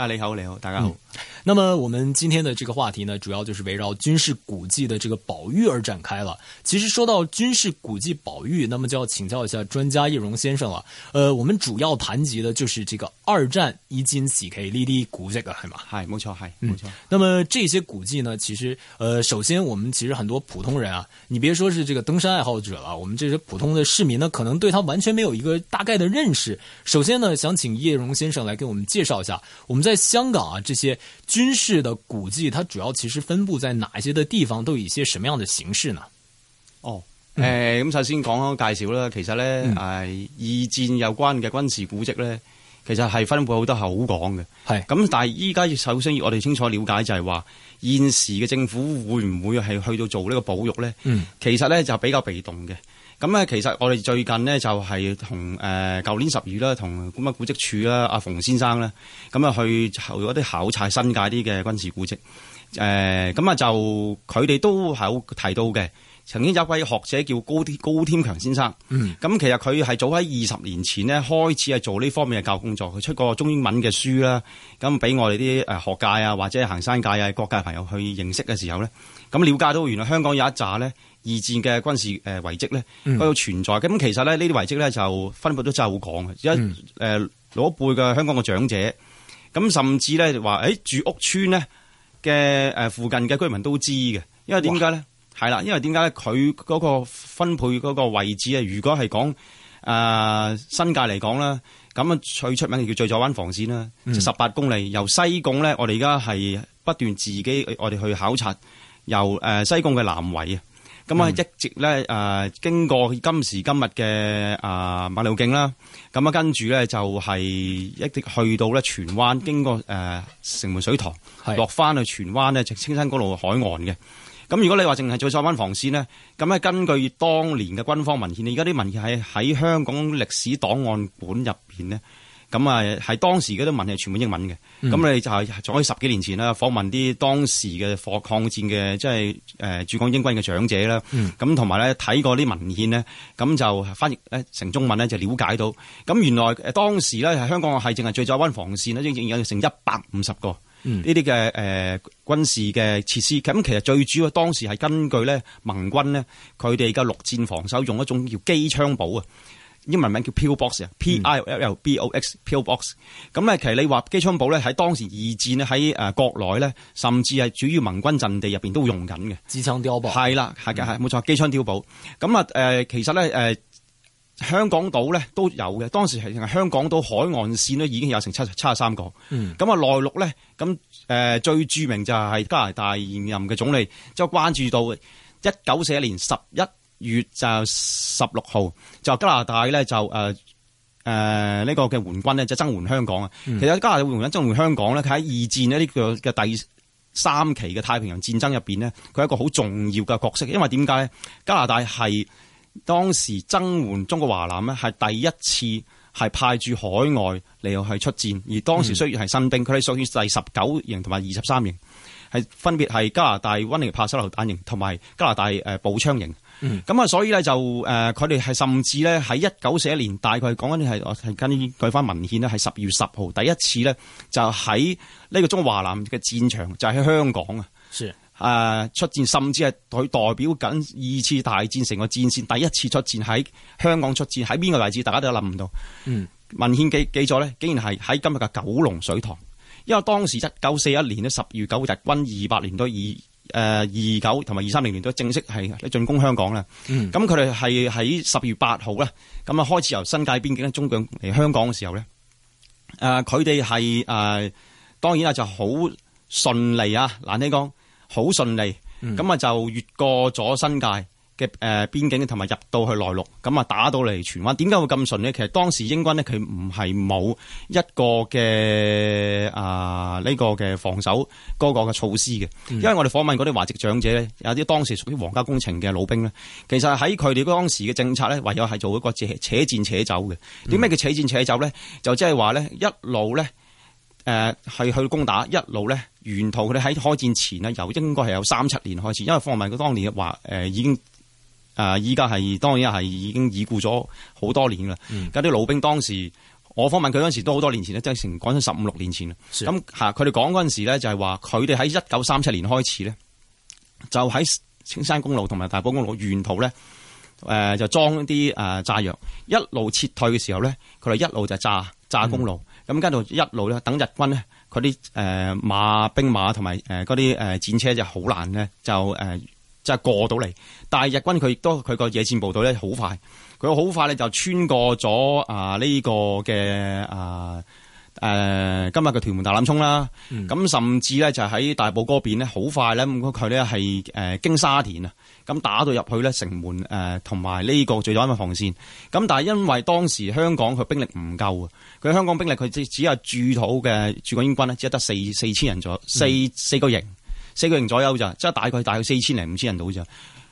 啊、你好你好大家好，嗯，那麼我們今天的這個話題呢，主要就是圍繞軍事古迹的這個保育而展開了。其實說到軍事古迹保育，那麼就要請教一下專家葉榕先生了。呃，我們主要談及的就是這個二戰一金幾 K 歷歷古迹，這個，是嗎？係，沒錯，係，沒錯。那麼這些古迹呢，其實呃，首先我們其實很多普通人啊，你別說是這個登山愛好者了，我們這些普通的市民呢，可能對他完全沒有一個大概的認識。首先呢，想請葉榕先生來給我們介紹一下，我們在。在香港啊，這些軍事的古蹟，它主要其實分布在哪一些的地方，都以一些什麼樣的形式呢？哦，誒、呃，咁首先講介紹啦，其實呢，係二、嗯、戰有關嘅軍事古蹟呢，其實係分布好多口港嘅，係咁是，但係依家首先要我哋清楚了解就係話，現時嘅政府會唔會係去到做呢個保育呢？嗯、其實呢，就比較被動嘅。咁咧，其實我哋最近呢，就係同誒舊年十二啦，同咁啊古物古蹟處啦，阿馮先生啦，咁啊去後嗰啲考察新界啲嘅軍事古蹟、嗯。誒咁啊，就佢哋都係好提到嘅，曾經有一位學者叫高高添強先生。咁、嗯、其實佢係早喺二十年前呢，開始係做呢方面嘅教育工作，佢出過中英文嘅書啦。咁俾我哋啲學界啊，或者行山界啊各界朋友去認識嘅時候咧，咁了解到原來香港有一紮咧。二戰嘅軍事誒遺迹咧，都有存在。咁其實咧呢啲遺迹咧就分布都真係好廣。一誒老一輩嘅香港嘅長者，咁甚至咧就話誒住屋村咧嘅誒附近嘅居民都知嘅，因為點解咧係啦？哇 因為點解咧佢嗰個分配嗰個位置啊？如果係講誒新界嚟講啦，咁啊最出名嘅叫醉酒灣防線啦，十八公里由西貢咧。我哋而家係不斷自己我哋去考察由誒西貢嘅南圍啊。咁啊，嗯、一直咧誒、呃，經過今時今日嘅、呃、啊馬路徑啦，咁啊跟住咧就係、是、一直去到咧荃灣，經過誒、呃、城門水塘，是的 落翻去荃灣咧直青山公路海岸嘅。咁、啊、如果你話淨係做醉酒灣防線呢，咁、啊、咧根據當年嘅軍方文獻，而家啲文獻係喺香港歷史檔案館入面呢。咁啊，係當時嗰啲文係全部英文嘅，咁你、嗯、就係早喺十幾年前啦，訪問啲當時嘅火抗戰嘅即係誒駐港英軍嘅長者啦，咁同埋咧睇過啲文獻呢，咁就翻譯咧成中文咧就了解到，咁原來當時咧香港係淨係醉酒灣防線咧，已經有成一百五十個呢啲嘅誒軍事嘅設施，咁、嗯、其實最主要當時係根據咧盟軍呢，佢哋嘅陸戰防守用一種叫機槍堡啊。英文名叫 pillbox 啊，P I L L B O X P I L L B O X pillbox。咁咧，其實你話機槍堡咧喺當時二戰咧喺誒國內咧，甚至係處於盟軍陣地入邊都用緊嘅。支、嗯、槍碉堡。係啦，係嘅，係冇錯，機槍碉堡。咁啊誒，其實咧誒、呃，香港島咧都有嘅。當時係香港島海岸線咧已經有成七七十三個，嗯。咁啊內陸咧，咁誒最著名就係加拿大現任嘅總理，即係關注到一九四一年十一。月就十六號就加拿大咧，就誒誒呢個嘅援軍呢，就、呃呃呢個、援增援香港啊。嗯、其實加拿大援軍增援香港呢，佢喺二戰咧呢、呢個嘅第三期嘅太平洋戰爭入邊呢，佢係一個好重要嘅角色，因為點解呢？加拿大係當時增援中國華南呢，係第一次係派住海外嚟去出戰，而當時雖然係新兵，佢哋屬於第十九營同埋二十三營，係分別係加拿大溫尼帕手榴彈營同埋加拿大誒步槍營。咁啊，嗯、所以咧就誒，佢哋係甚至咧喺一九四一年，大概講緊，係我睇翻佢翻文獻呢，係十二月十號第一次呢，就喺呢個中華南嘅戰場，就喺、是、香港啊！啊是的、呃，出戰，甚至係佢代表緊二次大戰成個戰線，第一次出戰，喺香港出戰，喺邊個位置大家都諗唔到。嗯文，文獻記記載咧，竟然係喺今日嘅九龍水塘，因為當時一九四一年呢，十二月九日，軍二百年都二。誒二九同埋二三零年都正式係進攻香港啦，咁佢哋係喺十月八號咧，咁啊開始由新界邊境咧中港嚟香港嘅時候咧，誒佢哋係誒當然啦就好順利啊，嗱你講好順利，咁啊、嗯、就越過咗新界。嘅誒邊境同埋入到去內陸，咁啊打到嚟荃灣，點解會咁順呢？其實當時英軍呢，佢唔係冇一個嘅啊呢、呢個嘅防守嗰個嘅措施嘅。因為我哋訪問嗰啲華籍長者呢，有啲當時屬於皇家工程嘅老兵呢，其實喺佢哋當時嘅政策呢，唯有係做一個且且戰且走嘅。點解、嗯、叫且戰且走呢？就即係話呢，一路呢誒係、呃、去攻打，一路呢沿途佢哋喺開戰前呢，由應該係有三七年開始，因為訪問佢當年話誒、呃、已經。啊！依家係當然係已經已故咗好多年啦。而家啲老兵當時，我訪問佢嗰陣時，都好多年前咧，即係成講緊十五六年前啦。咁嚇佢哋講嗰陣時咧，就係話佢哋喺一九三七年開始咧，就喺青山公路同埋大埔公路沿途咧，誒就裝啲誒炸藥，一路撤退嘅時候咧，佢哋一路就炸炸公路，咁、嗯、跟住一路咧，等日軍呢，佢啲誒馬兵馬同埋誒嗰啲誒戰車就好難呢，就誒。就係過到嚟，但係日軍佢亦都佢個野戰部隊咧，好快，佢好快咧就穿過咗啊呢、呢個嘅啊誒、啊、今日嘅屯門大欖涌啦，咁、嗯、甚至咧就喺大埔嗰邊咧好快咧佢咧係誒經沙田啊，咁打到入去咧城門誒同埋呢個最左邊嘅防線，咁但係因為當時香港佢兵力唔夠啊，佢香港兵力佢只係的軍只有駐土嘅駐港英軍呢，只係得四四千人左右四四個營。嗯四個人左右咋，即係大概大概四千零五千人到咋，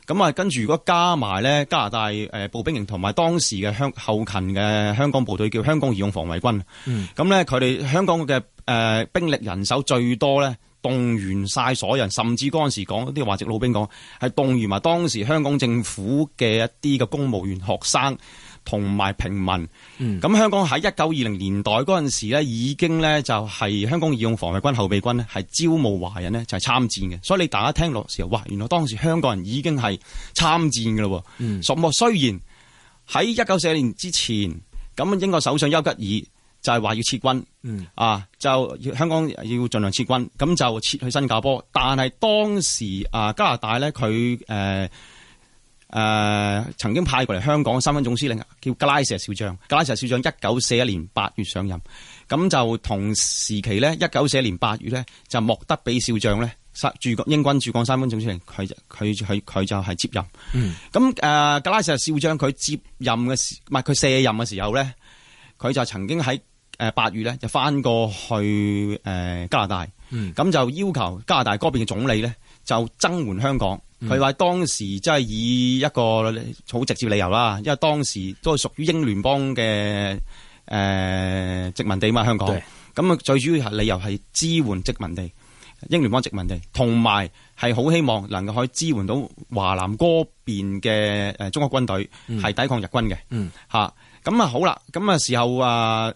咁啊跟住如果加埋咧加拿大誒步兵營同埋當時嘅香後勤嘅香港部隊叫香港義勇防衛軍，嗯，咁咧佢哋香港嘅誒兵力人手最多咧，動員晒所有人，甚至嗰陣時講啲華籍老兵講係動員埋當時香港政府嘅一啲嘅公務員學生。同埋平民，咁、嗯、香港喺一九二零年代嗰陣時咧，已經咧就係香港義勇防衛軍後備軍呢係招募華人呢就係參戰嘅。所以你大家聽落時候，哇！原來當時香港人已經係參戰嘅咯。嗯，數目雖然喺一九四一年之前，咁英國首相丘吉爾就係話要撤軍，嗯、啊，就香港要盡量撤軍，咁就撤去新加坡。但係當時啊，加拿大咧佢誒。誒、呃，曾經派過嚟香港三軍總司令叫格拉什少將，格拉什少將一九四一年八月上任，咁就同時期咧，一九四一年八月咧就莫德比少將咧，駐英軍駐港三軍總司令，佢佢佢佢就係接任。咁誒、嗯呃，格拉什少將佢接任嘅時，唔係佢卸任嘅時候咧，佢就曾經喺誒八月咧就翻過去誒、呃、加拿大，咁、嗯、就要求加拿大嗰邊嘅總理咧，就增援香港，佢話當時即係以一個好直接理由啦，因為當時都係屬於英聯邦嘅誒、呃、殖民地嘛，香港咁啊，對最主要係理由係支援殖民地英聯邦殖民地，同埋係好希望能夠可以支援到華南嗰邊嘅誒中國軍隊係、嗯、抵抗日軍嘅吓咁啊，咁好啦，咁啊時候啊。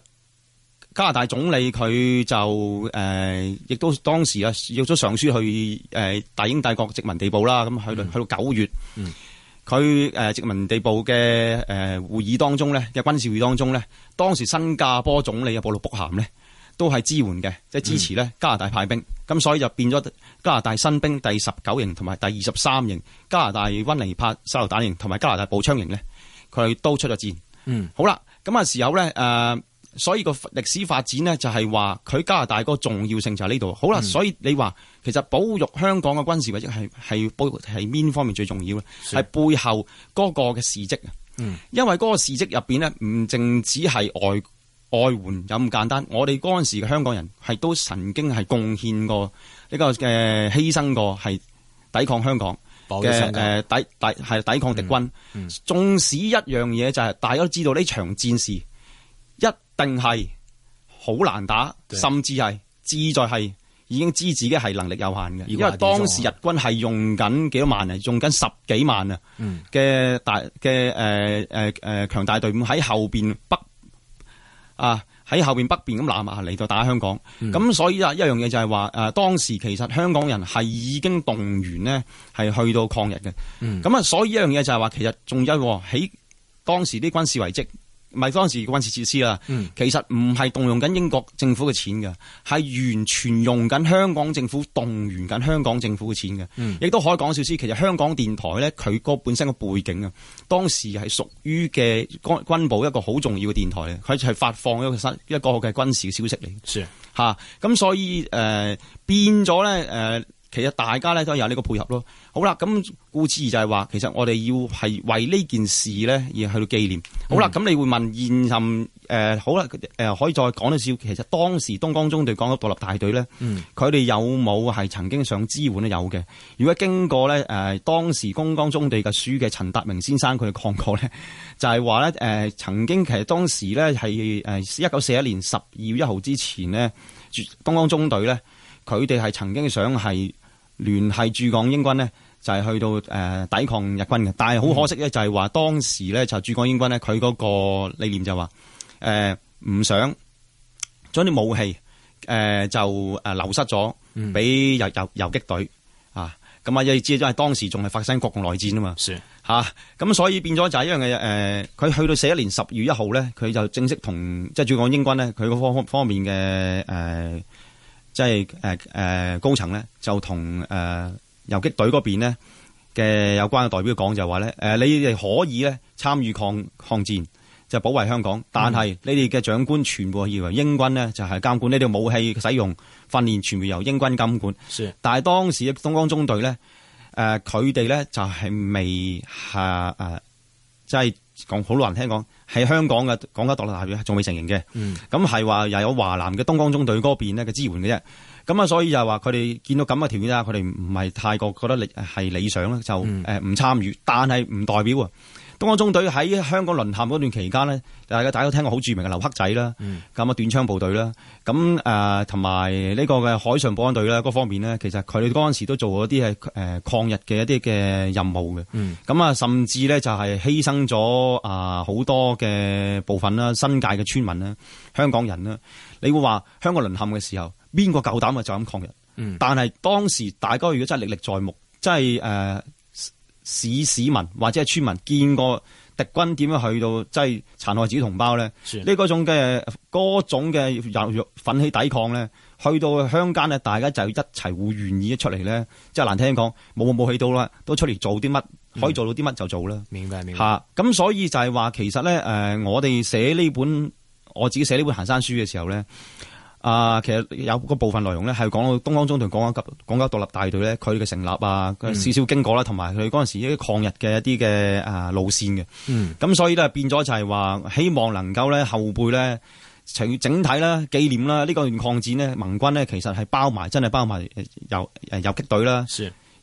加拿大總理佢就誒、呃，亦都當時啊，要咗上書去誒、呃、大英帝國殖民地部啦。咁去，去到去到九月，佢誒、嗯呃、殖民地部嘅誒、呃、會議當中咧嘅軍事會議當中咧，當時新加坡總理啊布魯卜咸呢，都係支援嘅，即係支持咧加拿大派兵。咁、嗯、所以就變咗加拿大新兵第十九營同埋第二十三營、加拿大溫尼帕手榴彈營同埋加拿大步槍營咧，佢都出咗戰。嗯，好啦，咁啊時候咧誒。呃所以個歷史發展呢，就係話佢加拿大個重要性就喺呢度。好啦，嗯、所以你話其實保育香港嘅軍事或者係係保邊方面最重要咧？係背後嗰個嘅事蹟啊。嗯，因為嗰個事蹟入面呢，唔淨止係外外援有咁簡單。我哋嗰陣時嘅香港人係都曾經係貢獻過呢個嘅犧牲過，係抵抗香港嘅抵抵係抵抗敵軍。嗯，縱使一樣嘢就係大家都知道呢場戰事一。定係好難打，甚至係志在係已經知自己係能力有限嘅，如果係當時日軍係用緊幾多萬啊，用緊十幾萬啊嘅大嘅誒誒誒強大隊伍喺後邊北啊喺後邊北邊咁南下嚟到打香港，咁、嗯、所以啊一樣嘢就係話誒當時其實香港人係已經動員呢，係去到抗日嘅，咁啊、嗯、所以一樣嘢就係話其實仲有喺當時啲軍事遺迹。唔係當時的軍事設施啦，嗯、其實唔係動用緊英國政府嘅錢嘅，係完全用緊香港政府，動員緊香港政府嘅錢嘅，亦都、嗯、可以講少少。其實香港電台咧，佢個本身個背景啊，當時係屬於嘅軍軍部一個好重要嘅電台的啊，佢係發放一個新一個嘅軍事消息嚟，嚇咁所以誒、呃、變咗咧誒。呃其實大家咧都有呢個配合咯。好啦，咁故此就係話，其實我哋要係為呢件事咧而去到紀念。好啦，咁、嗯、你會問現任誒、呃、好啦誒、呃，可以再講多少？其實當時東江中隊港島獨立大隊呢，佢哋、嗯、有冇係曾經想支援咧？有嘅。如果經過咧誒、呃、當時東江中隊嘅書記陳達明先生佢哋講過呢，就係、是、話呢：呃「誒曾經其實當時呢係誒一九四一年十二月一號之前呢，東江中隊呢，佢哋係曾經想係。聯繫駐港英軍呢，就係、是、去到誒、呃、抵抗日軍嘅，但係好可惜咧，就係話當時咧就駐港英軍呢，佢嗰個理念就話誒唔想將啲武器誒、呃、就誒流失咗，俾游游游擊隊啊，咁啊亦即係當時仲係發生國共內戰是的 啊嘛，吓咁所以變咗就係一樣嘅誒，佢、呃、去到四一年十月一號咧，佢就正式同即係駐港英軍呢，佢個方方面嘅誒。呃即係誒誒，高層呢，就同誒、呃、游擊隊嗰邊呢嘅有關嘅代表講，就話咧誒，你哋可以咧參與抗抗戰，就保衛香港。但係你哋嘅長官全部以為英軍呢，就係監管呢啲武器使用訓練，全部由英軍監管。是的。但係當時東江中隊呢，誒、呃，佢哋呢，就係未下，誒，即係。講好多人聽講，喺香港嘅港九獨立大隊仲未成型嘅。嗯，咁係話又有華南嘅東江中隊嗰邊咧嘅支援嘅啫，咁啊所以就係話佢哋見到咁嘅條件啊，佢哋唔係太過覺得理係理想啦就誒唔參與，但係唔代表啊。東安中隊喺香港淪陷嗰段期間呢，大家大家都聽過好著名嘅劉黑仔啦，咁啊短槍部隊啦，咁誒同埋呢個嘅海上保安隊啦，嗰方面呢，其實佢哋嗰陣時都做咗啲係誒抗日嘅一啲嘅任務嘅，咁啊、嗯、甚至呢，就係犧牲咗啊好多嘅部分啦，新界嘅村民啦，香港人啦，你會話香港淪陷嘅時候，邊個夠膽咪就咁抗日？嗯、但係當時大家如果真係歷歷在目，真係誒。呃市市民或者係村民見過敵軍點樣去到，即係殘害自己同胞咧？呢嗰種嘅，嗰種嘅有奮起抵抗咧，去到鄉間咧，大家就一齊會願意出嚟咧。即係難聽啲講，冇冇氣到啦，都出嚟做啲乜，嗯、可以做到啲乜就做啦。明白明白。吓，咁所以就係話，其實咧，誒，我哋寫呢本，我自己寫呢本行山書嘅時候咧。啊，其實有個部分內容咧，係講到東江縱隊、港九及港九獨立大隊咧，佢嘅成立啊，少少、嗯、經過啦、啊，同埋佢嗰陣時啲抗日嘅一啲嘅啊路線嘅、啊。嗯，咁所以呢，變咗就係話，希望能夠咧後輩咧，除整體啦、紀念啦，呢個段抗戰呢，盟軍呢，其實係包埋，真係包埋遊誒遊擊隊啦。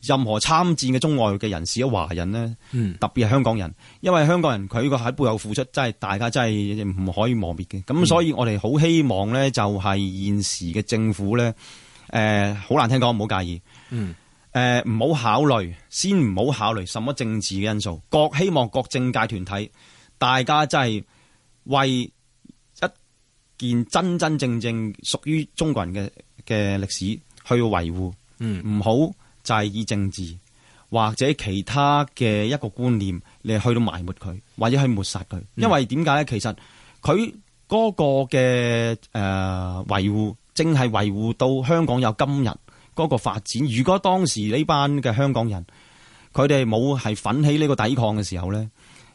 任何參戰嘅中外嘅人士，華人呢，特別係香港人，嗯、因為香港人佢個喺背後付出真係大家真係唔可以磨滅嘅。咁、嗯、所以，我哋好希望呢，就係現時嘅政府呢，誒、呃、好難聽講，唔好介意，誒唔好考慮先，唔好考慮什麼政治嘅因素。各希望各政界團體，大家真係為一件真真正正屬於中國人嘅嘅歷史去維護，唔好。就係以政治或者其他嘅一個觀念你去到埋沒佢，或者去抹殺佢。因為點解咧？其實佢嗰個嘅誒、呃、維護，正係維護到香港有今日嗰個發展。如果當時呢班嘅香港人，佢哋冇係奮起呢個抵抗嘅時候咧，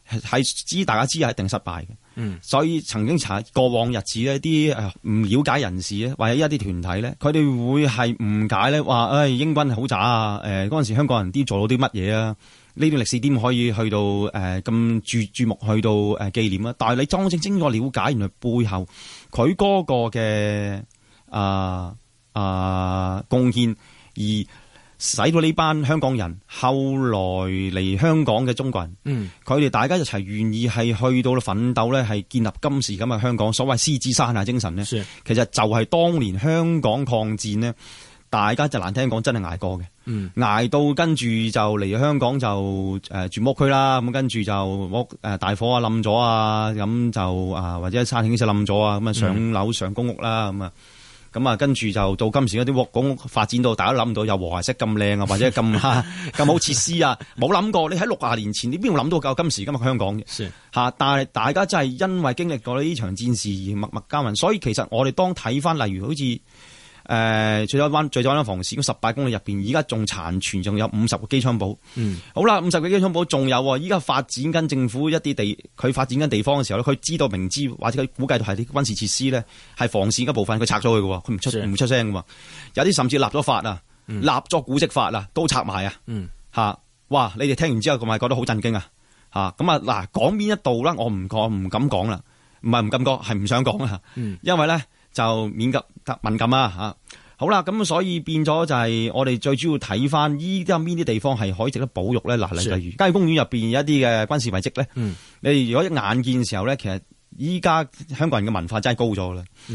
係知大家知係一定失敗嘅。嗯，所以曾經查過往日子呢啲唔了解人士咧，或者一啲團體咧，佢哋會係誤解咧，話唉、哎、英軍係好渣啊！誒嗰陣時香港人啲做到啲乜嘢啊？呢段歷史點可以去到誒咁注注目，去到誒、呃呃、紀念啊？但係你莊正經過了解，原來背後佢嗰個嘅啊啊貢獻而。使到呢班香港人，後來嚟香港嘅中國人，嗯，佢哋大家一齊願意係去到咧奮鬥咧，係建立今時咁嘅香港。所謂獅子山下精神咧，是的其實就係當年香港抗戰呢大家就難聽講真係捱過嘅，嗯，捱到跟住就嚟香港就誒住屋區啦，咁跟住就屋誒大火啊冧咗啊，咁就啊或者餐廳先冧咗啊，咁啊上樓上公屋啦咁啊。嗯咁啊，跟住就到今時嗰啲屋港發展到，大家諗唔到有和諧式咁靚啊，或者咁咁 好設施啊，冇諗過。你喺六十年前，你邊度諗到夠今時今日香港嘅？是的 但係大家真係因為經歷過呢場戰事而默默耕耘，所以其實我哋當睇翻，例如好似。誒，醉酒灣，醉酒灣防線，十八公里入邊，而家仲殘存，仲有五十個機槍堡。嗯，好啦，五十個機槍堡仲有，依家發展緊政府一啲地，佢發展緊地方嘅時候咧，佢知道明知或者佢估計到係啲軍事設施咧，係防線部分，佢拆咗佢嘅，佢唔出唔的出聲噶。有啲甚至立咗法啊，立咗古蹟法啊，嗯、都拆埋啊。吓，哇！你哋聽完之後，係咪覺得好震驚啊？吓，咁啊，嗱，講邊一度啦？我唔唔敢講啦，唔係唔敢講，係唔想講啊。嗯、因為咧。就免急得敏感啊吓，好啦，咁所以變咗就係我哋最主要睇翻依家邊啲地方係可以值得保育咧。嗱是，例如，街公園入邊有一啲嘅軍事遺跡咧。嗯，你如果一眼見嘅時候咧，其實依家香港人嘅文化真係高咗啦。嗯。